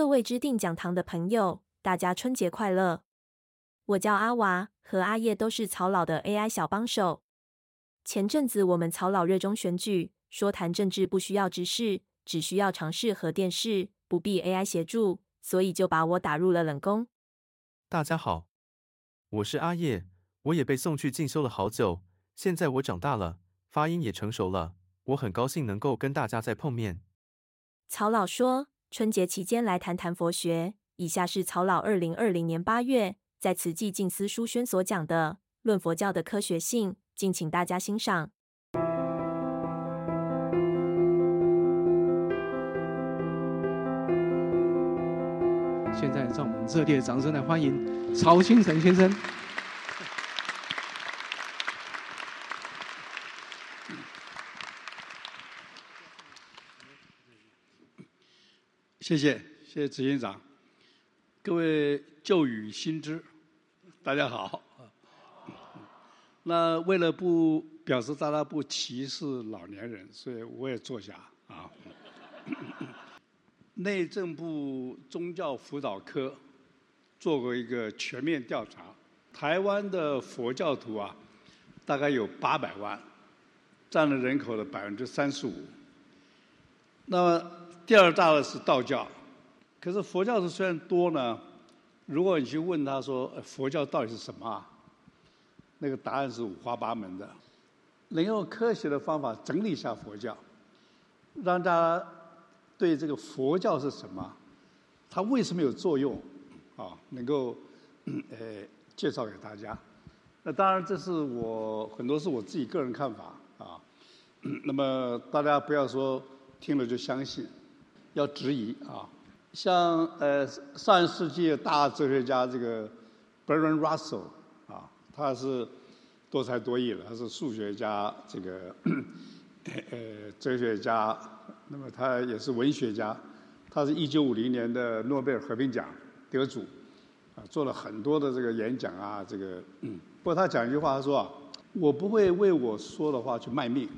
各位知定講堂的朋友，大家春節快樂！我叫阿娃，和阿葉都是曹老的 AI 小幫手。前陣子我們曹老熱衷選舉，說談政治不需要知識，只需要常識和電視，不必 AI 協助，所以就把我打入了冷宮。大家好，我是阿葉，我也被送去進修了好久。現在我長大了，發音也成熟了，我很高興能夠跟大家再碰面。曹老說。春節期間來談談佛學。以下是曹老二零二零年八月在慈濟靜思書軒所講的《論佛教的科學性》，敬請大家欣賞。現在讓我們熱烈的掌聲來歡迎曹興誠先生。謝謝，謝謝執行長，各位舊雨新知，大家好。那為了不表示大家不歧視老年人，所以我也坐下啊。 內政部宗教輔導科做過一個全面調查，臺灣的佛教徒啊，大概有八百萬，佔了人口的百分之三十五。那麼，第二大的是道教，可是佛教徒雖然多呢，如果你去問他說佛教到底是什麼啊，那個答案是五花八門的。能用科學的方法整理一下佛教，讓大家對這個佛教是什麼，它為什麼有作用啊，能夠呃、哎、介紹給大家。那當然這是我很多是我自己個人看法啊，那麼大家不要說聽了就相信。要質疑啊，像呃上一世紀大哲學家這個 Bertrand Russell 啊，他是多才多藝了，他是數學家，這個呃哲，哲學家，那麼他也是文學家，他是一九五零年的諾貝爾和平獎得主，啊，做了很多的這個演講啊，這個不過他講一句話，他說啊，我不會為我說的話去賣命，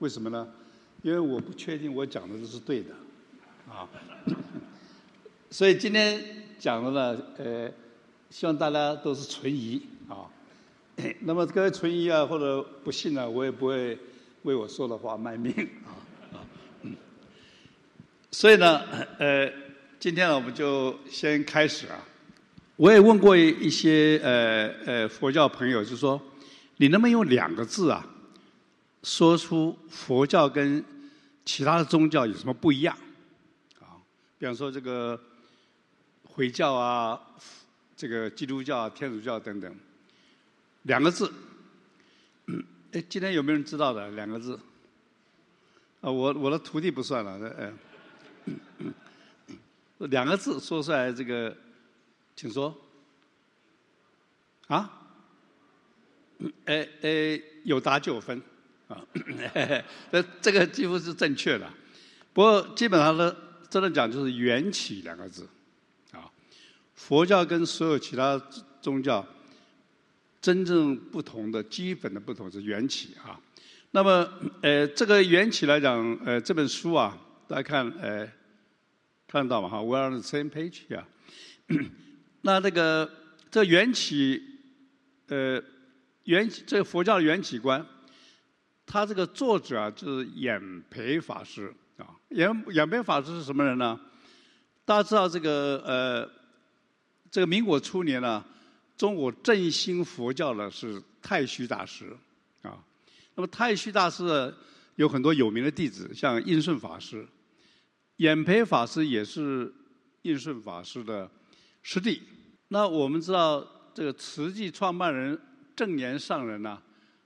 為什麼呢？因為我不確定我講的這是對的。啊， 所以今天講的呢，呃，希望大家都是存疑啊、哎。那麼各位存疑啊，或者不信呢、啊，我也不會為我說的話賣命啊、嗯、所以呢，呃，今天呢，我們就先開始啊。我也問過一些呃呃佛教朋友，就是說你能不能用兩個字啊，說出佛教跟其他的宗教有什麼不一樣？比方說這個回教啊，這個基督教、啊、天主教等等，兩個字。哎、嗯，今天有沒有人知道的兩個字？啊，我我的徒弟不算了，嗯嗯嗯嗯、兩個字說出來，這個，請說。啊？哎、嗯、哎，有打九分啊、嗯嘿嘿？這個幾乎是正確的，不過基本上呢。真的講，就是緣起兩個字，啊，佛教跟所有其他宗教真正不同的基本的不同是緣起啊。那麼，呃，這個緣起來講，呃，這本書啊，大家看，呃，看到嗎？哈，We are on the same page 啊，那這個這個緣起，呃，緣起這個佛教的緣起觀，他這個作者啊，就是演培法師。演演培法師是什麼人呢？大家知道這個呃，這個民國初年呢、啊，中國振興佛教呢，是太虛大師啊。那麼太虛大師呢有很多有名的弟子，像印順法師，演培法師也是印順法師的師弟。那我們知道這個慈濟創辦人證嚴上人呢、啊，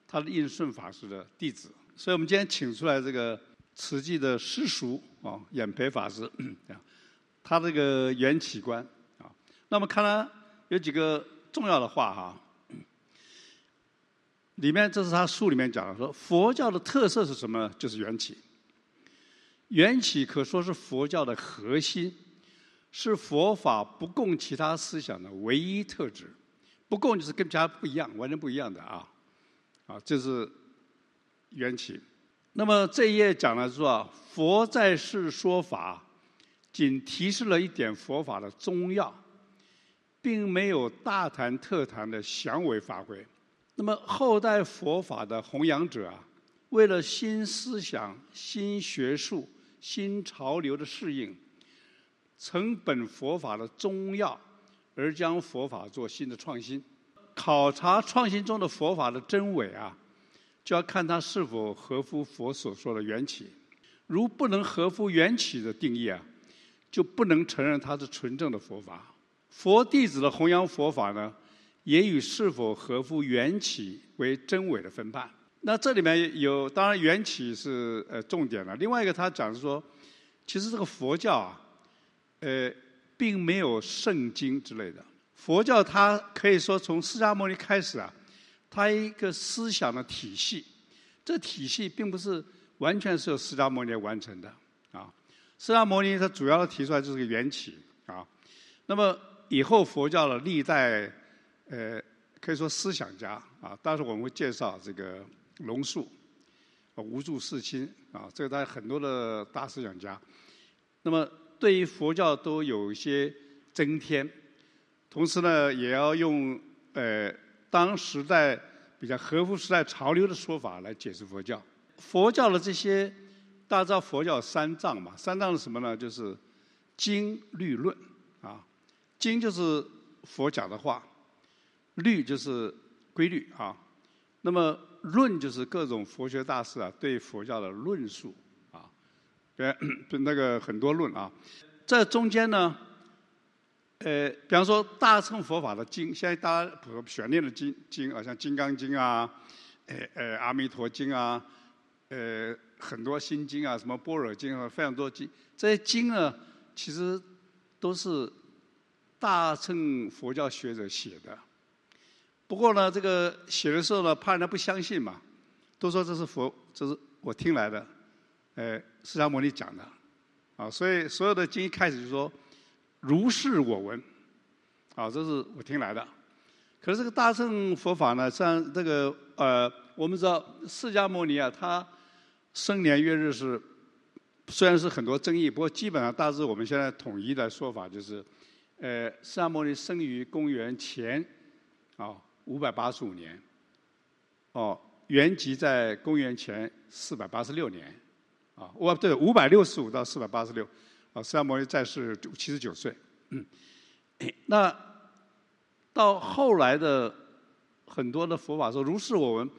他是印順法師的弟子，所以我們今天請出來這個。慈濟的師叔啊，演、哦、培法師他這個緣起觀啊、哦，那麼看來有幾個重要的話哈、啊，裡面這是他書裡面講的說，說佛教的特色是什麼？就是緣起。緣起可說是佛教的核心，是佛法不共其他思想的唯一特質。不共就是跟其他不一樣，完全不一樣的啊啊，這是緣起。那麼這一頁講了說，佛在世說法，僅提示了一點佛法的宗要，並沒有大談特談的詳為發揮。那麼後代佛法的弘揚者啊，為了新思想、新學術、新潮流的適應，成本佛法的宗要而將佛法做新的創新。考察創新中的佛法的真偽啊。就要看他是否合乎佛所說的緣起，如不能合乎緣起的定義啊，就不能承認它是純正的佛法。佛弟子的弘揚佛法呢，也與是否合乎緣起為真偽的分判。那這裡面有，當然緣起是呃重點了。另外一個，他講的說，其實這個佛教啊，呃，並沒有聖經之類的。佛教它可以說從釋迦牟尼開始啊。它一個思想的體系，這體系並不是完全是由釋迦牟尼完成的啊。釋迦牟尼他主要的提出來就是個緣起啊。那麼以後佛教的歷代呃可以說思想家啊，但是我們會介紹這個龍樹啊、無著世親啊，這個大家很多的大思想家。那麼對於佛教都有一些增添，同時呢也要用呃。當時代比較合乎時代潮流的說法來解釋佛教，佛教的這些，大家知道佛教三藏嘛？三藏是什麼呢？就是經、律、論啊。經就是佛講的話，律就是規律啊。那麼論就是各種佛學大師啊對佛教的論述啊，對啊，就那個很多論啊。這中間呢。呃，比方說大乘佛法的經，現在大家普遍念的經經啊，像《金剛經》啊，呃呃，《阿彌陀經》啊，呃，很多心經啊，什麼《般若經》啊，非常多經，這些經呢，其實都是大乘佛教學者寫的。不過呢，這個寫的時候呢，怕人家不相信嘛，都說這是佛，這是我聽來的，呃，釋迦牟尼講的，啊，所以所有的經一開始就說。如是我聞，啊，這是我聽來的。可是這個大乘佛法呢，像這個呃，我們知道釋迦牟尼啊，他生年月日是，雖然是很多爭議，不過基本上大致我們現在統一的說法就是，呃，釋迦牟尼生於公元前啊五百八十五年，哦，圓寂在公元前四百八十六年，啊，哇，對五百六十五到四百八十六。啊，釋迦牟尼在世七十九歲，嗯，哎、那到後來的很多的佛法說如是我聞，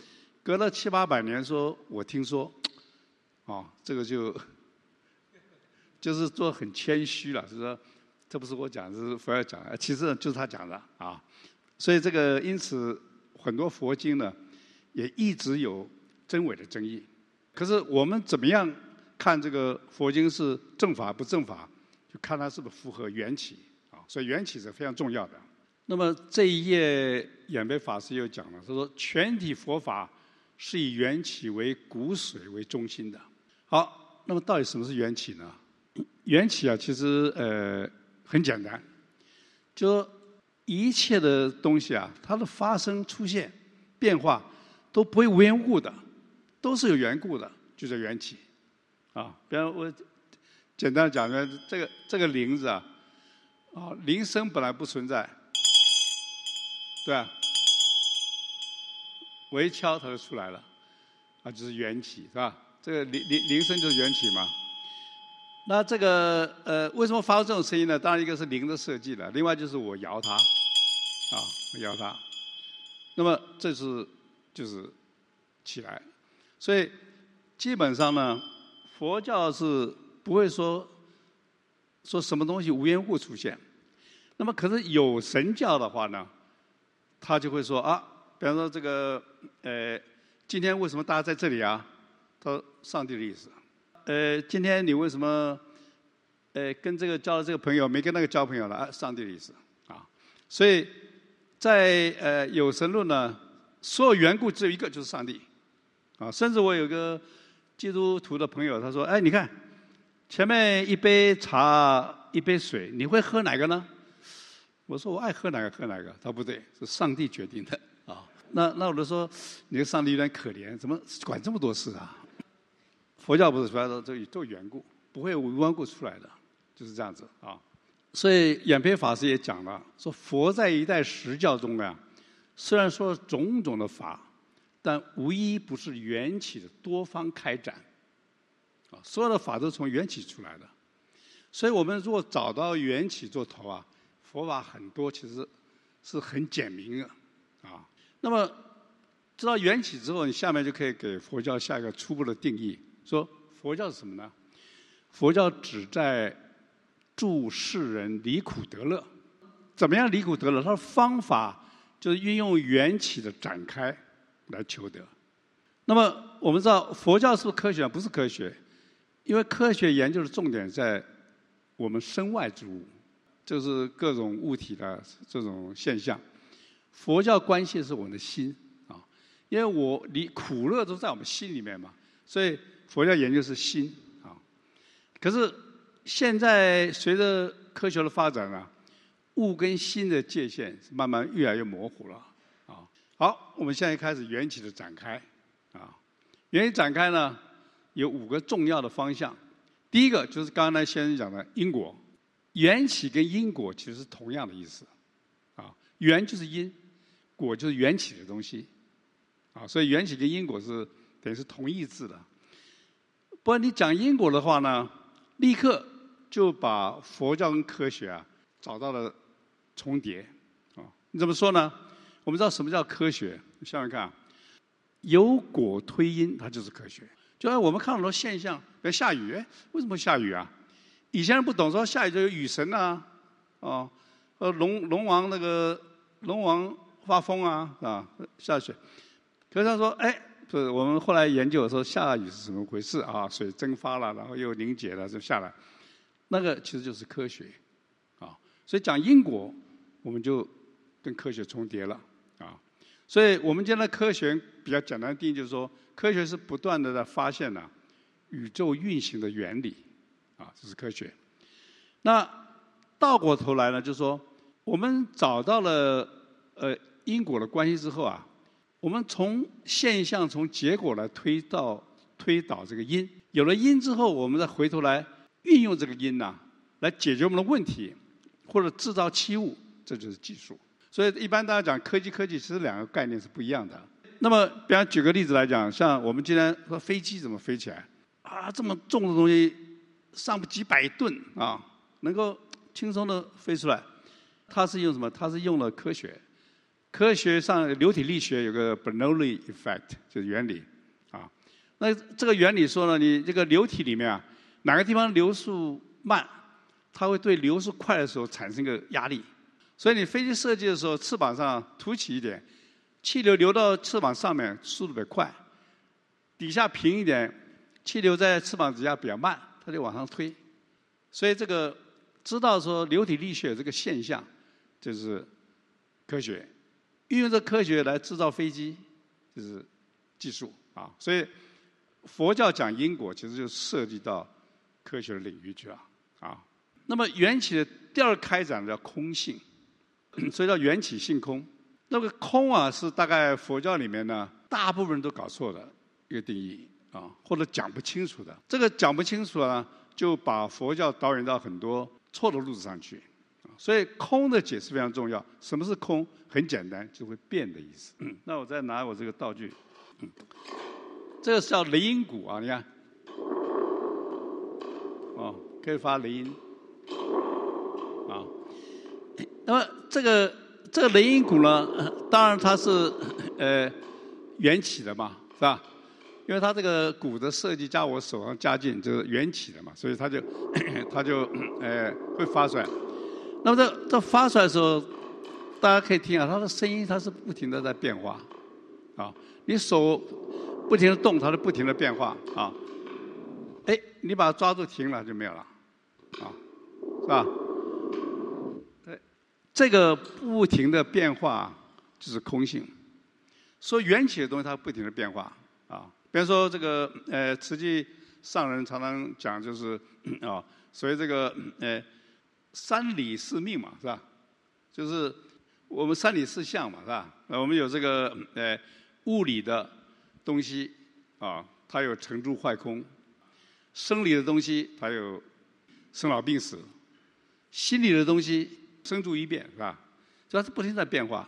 隔了七八百年說我聽說，啊、哦，這個就就是做很謙虛了，就說，這不是我講的，這是佛要講的，其實就是他講的啊，所以這個因此很多佛經呢也一直有真偽的爭議，可是我們怎麼樣？看這個佛經是正法不正法，就看它是不是符合緣起啊。所以緣起是非常重要的。那麼這一頁演培法師又講了，他說全體佛法是以緣起為骨髓為中心的。好，那麼到底什麼是緣起呢？緣起啊，其實呃很簡單，就是一切的東西啊，它的發生、出現、變化都不會無緣故的，都是有緣故的，就叫緣起。啊，比方，我簡單的講，說這個這個鈴子啊，啊鈴聲本來不存在，對啊。我一敲它就出來了，啊就是緣起是吧？這個鈴鈴鈴聲就是緣起嘛。那這個呃為什麼發出這種聲音呢？當然一個是鈴的設計了，另外就是我搖它，啊我搖它，那麼這是就是起來，所以基本上呢。佛教是不會說說什麼東西無緣故出現，那麼可是有神教的話呢，他就會說啊，比方說這個呃，今天為什麼大家在這裡啊？他說上帝的意思。呃，今天你為什麼呃跟這個交了這個朋友，沒跟那個交朋友了？啊，上帝的意思啊。所以在呃有神論呢，所有緣故只有一個，就是上帝啊。甚至我有個基督徒的朋友他說：“哎，你看，前面一杯茶，一杯水，你會喝哪個呢？”我說：“我愛喝哪個喝哪個。”他說不對，是上帝決定的啊、哦。那那我就說，你的上帝有點可憐，怎麼管這麼多事啊？佛教不是出來的，都都緣故，不會無緣故出來的，就是這樣子啊、哦。所以演培法師也講了，說佛在一代時教中呢、啊，雖然說種種的法。但無一不是緣起的多方開展，啊，所有的法都從緣起出來的。所以我們如果找到緣起做頭啊，佛法很多其實是很簡明的，啊。那麼知道緣起之後，你下面就可以給佛教下一個初步的定義：說佛教是什麼呢？佛教旨在助世人離苦得樂。怎麼樣離苦得樂？他的方法就是運用緣起的展開。來求得，那麼我們知道佛教是不是科學、啊？不是科學，因為科學研究的重點在我們身外之物，就是各種物體的這種現象。佛教關心的是我們的心啊，因為我離苦樂都在我們心裡面嘛，所以佛教研究是心啊。可是現在隨着科學的發展啊，物跟心的界限是慢慢越來越模糊了啊，啊。好，我們現在開始緣起的展開啊。緣起展開呢，有五個重要的方向。第一個就是剛才先生講的因果，緣起跟因果其實是同樣的意思啊。緣就是因，果就是緣起的東西啊。所以緣起跟因果是等於是同義字的。不然你講因果的話呢，立刻就把佛教跟科學啊找到了重疊啊。你怎麼說呢？我們知道什麼叫科學？你想想看，由果推因，它就是科學。就像我們看很多現象，比如下雨，為什麼下雨啊？以前人不懂，說下雨就有雨神啊，呃、哦、龍龍王那個龍王發瘋啊啊下雪。可是他說，哎，不是，我們後來研究說下雨是怎麼回事啊？水蒸發了，然後又凝結了就下來，那個其實就是科學啊。所以講因果，我們就跟科學重疊了。所以，我們現在科學比較簡單的定義就是說，科學是不斷的在發現呢、啊，宇宙運行的原理，啊，這是科學。那倒過頭來呢，就是說，我們找到了呃因果的關係之後啊，我們從現象從結果來推到推導這個因，有了因之後，我們再回頭來運用這個因吶、啊，來解決我們的問題，或者製造器物，這就是技術。所以一般大家講科技，科技其實兩個概念是不一樣的。那麼，比方舉個例子來講，像我們今天說飛機怎麼飛起來？啊，這麼重的東西，上不幾百噸啊，能夠輕鬆地飛出來，它是用什麼？它是用了科學。科學上流體力學有個 Bernoulli effect 就是原理啊。那這個原理說呢，你這個流體裡面啊，哪個地方流速慢，它會對流速快的時候產生一個壓力。所以你飛機設計的時候，翅膀，上凸起一點，氣流流到翅膀上面速度比較快，底下平一點，氣流在翅膀底下比較慢，它就往上推。所以這個知道說流體力學這個現象，就是科學，運用這科學來制造飛機，就是技術啊。所以佛教講因果，其實就涉及到科學的領域去了啊。那麼緣起的第二開展叫空性。所以叫緣起性空，那個空啊，是大概佛教裡面呢，大部分人都搞錯的一個定義啊，或者講不清楚的。這個講不清楚了呢，就把佛教導引到很多錯的路子上去。所以空的解釋非常重要。什麼是空？很簡單，就會變的意思，嗯。那我再拿我這個道具，嗯，這個是叫雷音鼓啊，你看，哦，可以發雷音。那麼這個這個雷音鼓呢，當然它是呃緣起的嘛，是吧？因為它這個鼓的設計加我手上加勁，就是緣起的嘛，所以它就它就呃會發出來。那麼在在發出來的時候，大家可以聽啊，它的聲音它是不停的在變化，啊，你手不停的動，它就不停的變化啊。哎，你把它抓住停了就沒有了，啊，是吧？這個不停的變化就是空性。說緣起的東西它不停的變化啊，比方說這個呃，實際上人常常講就是啊，所以這個呃，三理四命嘛，是吧？就是我們三理四象嘛，是吧？呃，我們有這個呃，物理的東西啊，它有成住壞空；生理的東西它有生老病死；心理的東西。生住異變是吧？主要是不停地在變化。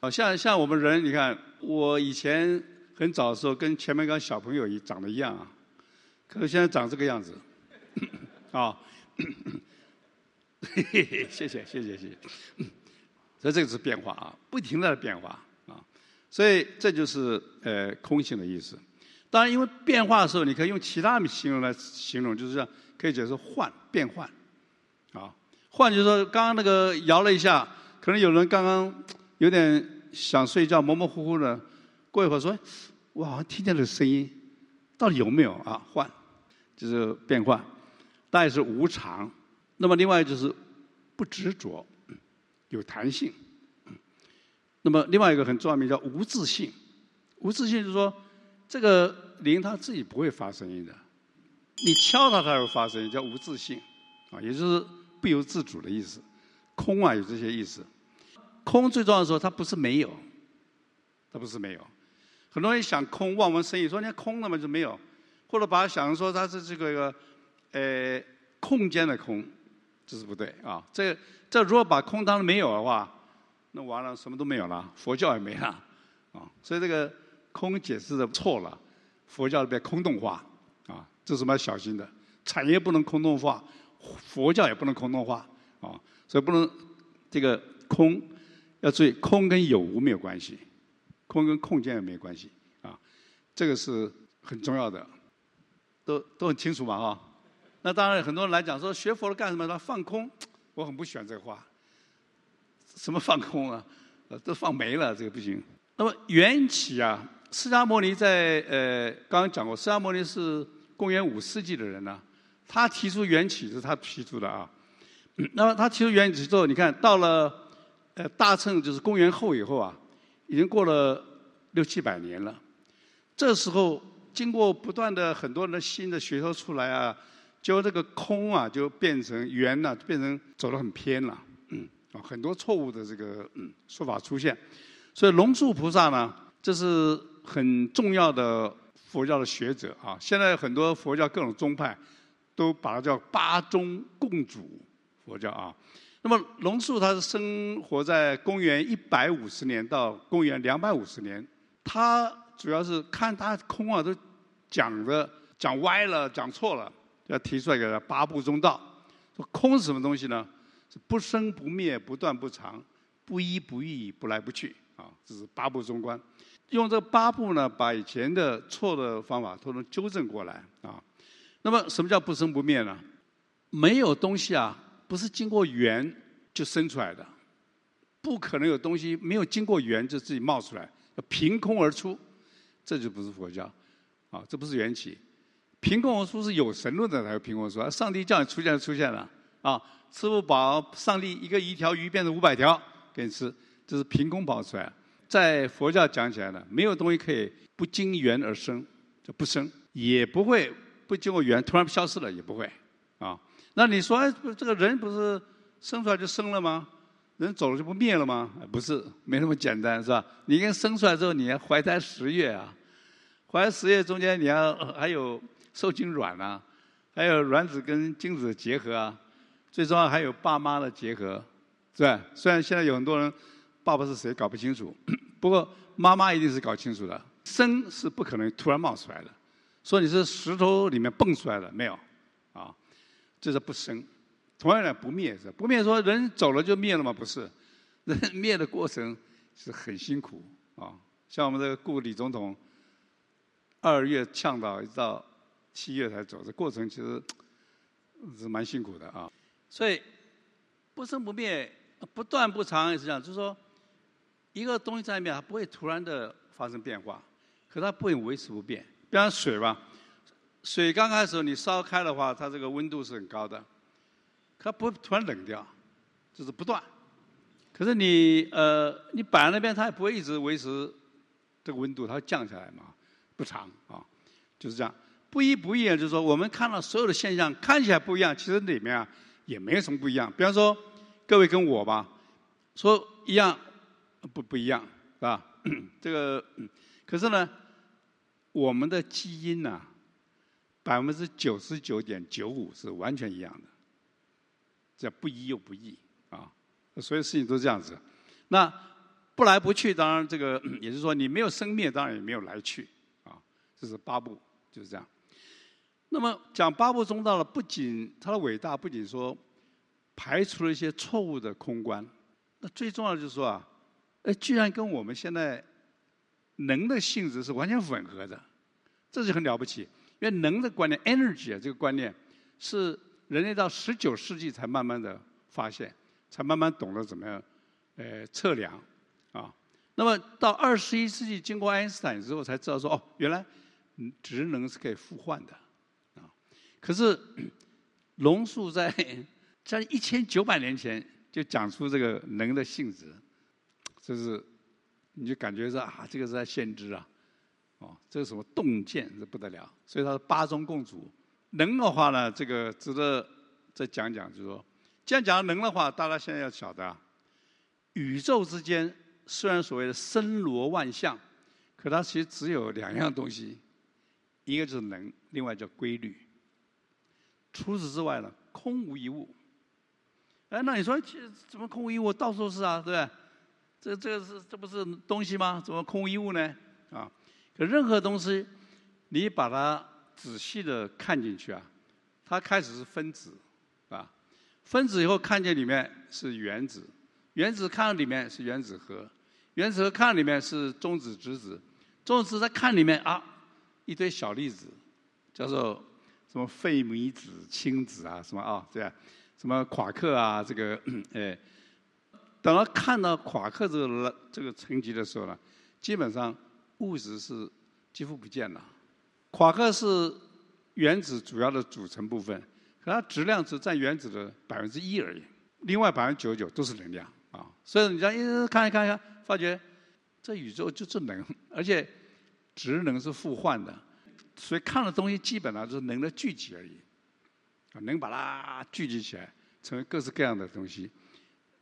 哦，像像我們人，你看，我以前很早的時候跟前面一個小朋友長得一樣啊，可是現在長這個樣子。啊、哦，謝謝謝謝謝謝。所以這個是變化啊，不停地在變化啊。所以這就是呃空性的意思。當然，因為變化的時候，你可以用其他的形容來形容，就是說可以解釋換變換，啊。換就是說，剛剛那個搖了一下，可能有人剛剛有點想睡覺，模模糊糊的。過一會兒說：“我好像聽見了聲音，到底有沒有啊？”換，就是變換，但也是無常。那麼另外就是不執着，有彈性。那麼另外一個很重要，名叫無自性，無自性就是說，這個鈴它自己不會發聲音的，你敲它它會發聲音，叫無自性。啊，也就是。不由自主的意思，空啊，有這些意思。空最重要的時候，它不是沒有，它不是沒有。很多人想空，望文生義，說人家空了嘛就沒有，或者把它想成說它是這個呃空間的空，這、就是不對啊。這這如果把空當了沒有的話，那完了什麼都沒有了，佛教也沒了啊。所以這個空解釋的錯了，佛教被空洞化啊，這是蠻小心的。產業不能空洞化。佛教也不能空洞化啊，所以不能這個空要注意，空跟有無沒有關係，空跟空間也沒有關係啊，這個是很重要的，都都很清楚嘛哈。那當然很多人來講說，學佛了幹什麼？他放空，我很不喜歡這個話，什麼放空啊？啊都放沒了，這個不行。那麼緣起啊，釋迦牟尼在呃剛剛講過，釋迦牟尼是公元五世紀的人呢、啊。他提出緣起是他提出的啊、嗯，那麼他提出緣起之後，你看到了，呃，大乘就是公元後以後啊，已經過了六七百年了。這時候經過不斷的很多人的新的學說出來啊，就這個空啊，就變成圓了，變成走得很偏了，啊，很多錯誤的這個、嗯、說法出現。所以龍樹菩薩呢，這是很重要的佛教的學者啊，現在很多佛教各種宗派。都把它叫八宗共祖，佛教啊。那麼龍樹他是生活在公元一百五十年到公元兩百五十年，他主要是看他空啊，都講着講歪了講錯了，就要提出來一個八不中道。空是什麼東西呢？是不生不滅、不斷不常、不一不異，不來不去啊。這是八不中觀，用這八不呢，把以前的錯的方法都能糾正過來啊。那麼，什麼叫不生不滅呢？沒有東西啊，不是經過緣就生出來的，不可能有東西沒有經過緣就自己冒出來，憑空而出，這就不是佛教，啊，這不是緣起，憑空而出是有神論的才有憑空而出，上帝叫你出現就出現了啊！吃不飽，上帝一個一條魚變成五百條給你吃，這是憑空跑出來，在佛教講起來的，沒有東西可以不經緣而生，就不生，也不會。不經過緣，突然消失了也不會啊。那你說、哎，這個人不是生出來就生了嗎？人走了就不滅了嗎、哎？不是，沒那麼簡單，是吧？你跟生出來之後，你要懷胎十月啊，懷胎十月中間，你要、呃、還有受精卵吶、啊，還有卵子跟精子的結合啊，最重要還有爸媽的結合，是吧？雖然現在有很多人爸爸是誰搞不清楚，不過媽媽一定是搞清楚的。生是不可能突然冒出來的。說你是石頭裡面蹦出來的沒有？啊，這、就是不生；同樣的不滅是不滅。說人走了就滅了嗎？不是，人滅的過程是很辛苦啊。像我們這個故李總統，二月嗆到一直到七月才走，這過程其實是蠻辛苦的啊。所以不生不滅，不斷不長，也是這樣。就是說，一個東西在裡面，它不會突然的發生變化，可它不會維持不變。像水吧，水剛開始你燒開的話，它這個溫度是很高的，它不會突然冷掉，就是不斷。可是你呃，你擺那邊，它也不會一直維持這個溫度，它會降下來嘛，不長啊，就是這樣。不一不一樣，就是說我們看到所有的現象看起來不一樣，其實裡面啊也沒有什麼不一樣。比方說，各位跟我吧，說一樣不不一樣是吧？這個嗯，可是呢？我們的基因呢、啊，百分之九十九點九五是完全一樣的，這不一又不異啊，所有事情都是這樣子。那不來不去，當然這個也就是說你沒有生滅，當然也沒有來去啊。這是八不就是這樣。那麼講八不中道了，不僅他的偉大，不僅說排除了一些錯誤的空觀，那最重要的就是說啊，哎，居然跟我們現在，能的性質是完全吻合的，這就很了不起。因為能的觀念，energy 啊，這個觀念是人類到十九世紀才慢慢的發現，才慢慢懂得怎麼樣，呃，測量，啊。那麼到二十一世紀，經過愛因斯坦之後才知道說，哦，原來，質能是可以互換的，啊。可是，龍樹在在一千九百年前就講出這個能的性質，這是。你就感覺說啊，這個是在先知啊，哦，這是什麼洞見，這不得了。所以他是八宗共主，能的話呢，這個值得再講講。就是說，既然講到能的話，大家現在要曉得，啊。宇宙之間雖然所謂的森羅萬象，可它其實只有兩樣東西，一個就是能，另外叫規律。除此之外呢，空無一物。哎，那你說怎麼空無一物？到處都是啊，對不對？這這個是這不是東西嗎？怎麼空無一物呢？啊，可任何東西，你把它仔細的看進去啊，它開始是分子，啊，分子以後看見裡面是原子，原子看裡面是原子核，原子核看裡面是中子、質子，中子再看裡面啊，一堆小粒子，叫做什麼費米子、輕子啊什麼啊這樣，什麼夸克啊這個哎。等到看到夸克這個這個層級的時候呢，基本上物質是幾乎不見了。夸克是原子主要的組成部分，可它質量只占原子的百分之一而已，另外百分之九十九都是能量啊。所以你這樣一看一看一看，發覺這宇宙就是能，而且質能是互換的，所以看的東西基本上就是能的聚集而已，能把它聚集起來成為各式各樣的東西。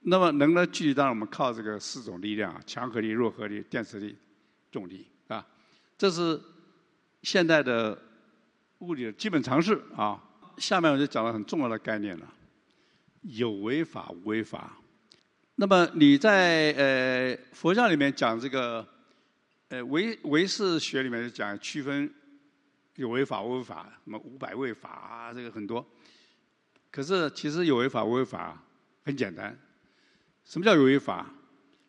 那麼，能量聚集，當然我們靠這個四種力量，啊、強核力、弱核力、電磁力、重力啊。這是現代的物理的基本常識啊。下面我就講了很重要的概念了：有為法、無為法。那麼你在呃佛教裡面講這個，呃唯唯識學裡面就講區分有為法、無為法，什麼五百位法啊，這個很多。可是其實有為法、無為法很簡單。什麼叫有為法？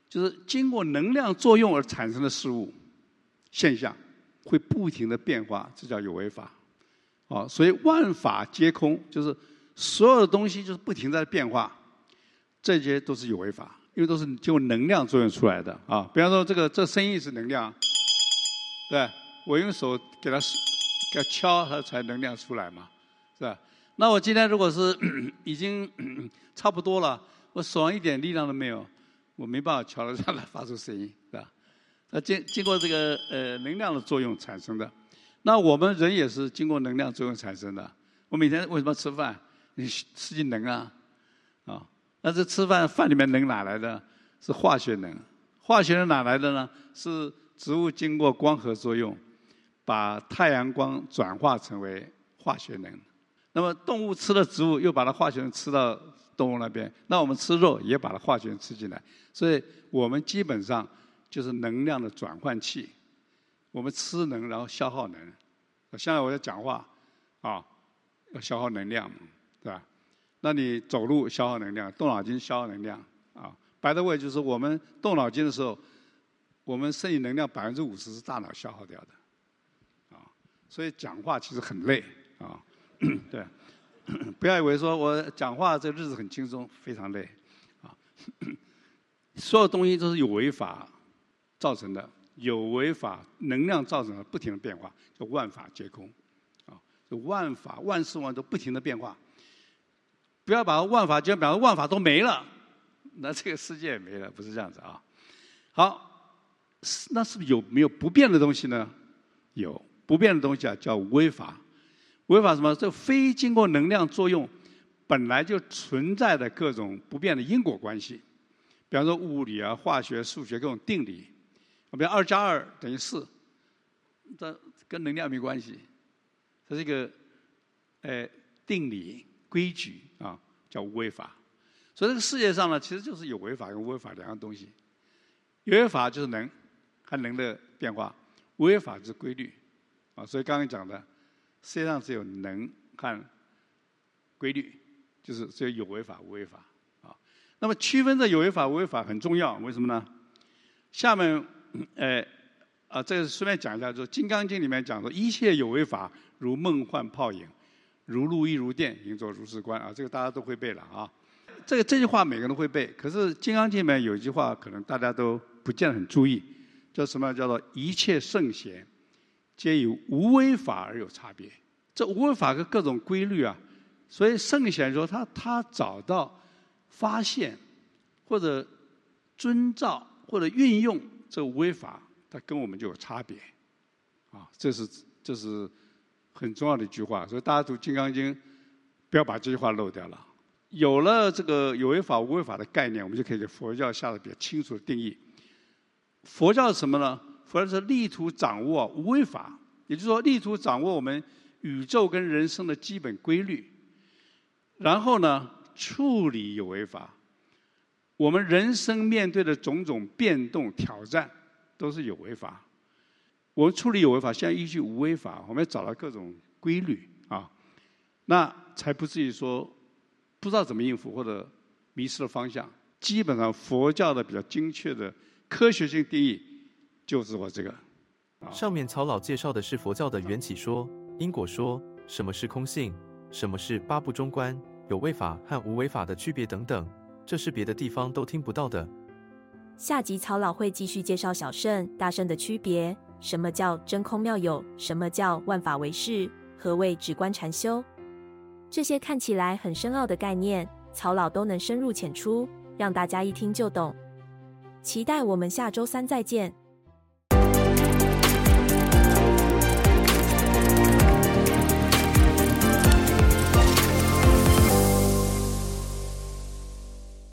就是經過能量作用而產生的事物、現象，會不停的變化，這叫有為法。啊、哦，所以萬法皆空，就是所有的東西就是不停在變化，這些都是有為法，因為都是經過能量作用出來的啊、哦。比方說、這個，這個這聲音是能量，對，我用手給它給它敲，它才能量出來嘛，是吧？那我今天如果是已經差不多了。我手上一點力量都沒有，我沒辦法敲到它來發出聲音，對吧？那經經過這個呃能量的作用產生的。那我們人也是經過能量作用產生的。我每天為什麼吃飯？你吃進能啊，啊？那這吃飯飯裡面能哪來的？是化學能。化學能哪來的呢？是植物經過光合作用，把太陽光轉化成為化學能。那麼動物吃了植物，又把它化學能吃到。動物那邊，那我們吃肉也把它化學吃進來，所以我們基本上就是能量的轉換器。我們吃能，然後消耗能。現在我在講話啊，要、哦、消耗能量，對吧？那你走路消耗能量，動腦筋消耗能量啊、哦。白的位就是我們動腦筋的時候，我們剩餘能量百分之五十是大腦消耗掉的啊、哦。所以講話其實很累啊、哦，對。 不要以為說我講話這日子很輕鬆，非常累啊！ 所有東西都是有為法造成的，有為法能量造成的，不停的變化，叫萬法皆空啊！萬法、萬事萬物不停的變化，不要把萬法就比如萬法都沒了，那這個世界也沒了，不是這樣子啊！好，是那是有沒有不變的東西呢？有不變的東西啊，叫無為法。無為法是什麼？這非經過能量作用本來就存在的各種不變的因果關係，比方說物理啊、化學、數學各種定理。我比方二加二等於四，這跟能量沒關係，它是一個哎、呃、定理規矩啊，叫無為法。所以這個世界上呢，其實就是有有為法跟無為法兩樣東西。有為法就是能，和能的變化；無為法就是規律啊。所以剛剛講的。實際上只有能與規律，就是只有有為法、無為法啊。那麼區分這有為法、無為法很重要，為什麼呢？下面、哎，呃啊，啊，這個順便講一下，就是《金剛經》裡面講說：“一切有為法如夢幻泡影，如露亦如電，應作如是觀。”啊，這個大家都會背了啊。這個這句話每個人都會背，可是《金剛經》裡面有一句話，可能大家都不見得很注意，叫什麼？叫做“一切聖賢”。皆以無為法而有差別，這無為法跟各種規律啊，所以聖賢說他他找到發現或者遵照或者運用這無為法，它跟我們就有差別啊。這是這是很重要的一句話，所以大家讀《金剛經》，不要把這句話漏掉了。有了這個有為法、無為法的概念，我們就可以給佛教下的比較清楚的定義。佛教是什麼呢？佛是力圖掌握無為法，也就是說力圖掌握我們宇宙跟人生的基本規律。然後呢，處理有為法。我們人生面對的種種變動、挑戰，都是有為法。我們處理有為法，現在依據無為法，我們要找到各種規律啊，那才不至於說不知道怎麼應付或者迷失了方向。基本上佛教的比較精確的科學性定義。就是我這個。上面曹老介紹的是佛教的緣起說、因果說，什麼是空性，什麼是八不中觀，有為法和無為法的區別等等，這是別的地方都聽不到的。下集曹老會繼續介紹小乘大乘的區別，什麼叫真空妙有，什麼叫萬法唯識，何謂止觀禪修，這些看起來很深奧的概念，曹老都能深入淺出，讓大家一聽就懂。期待我們下周三再見。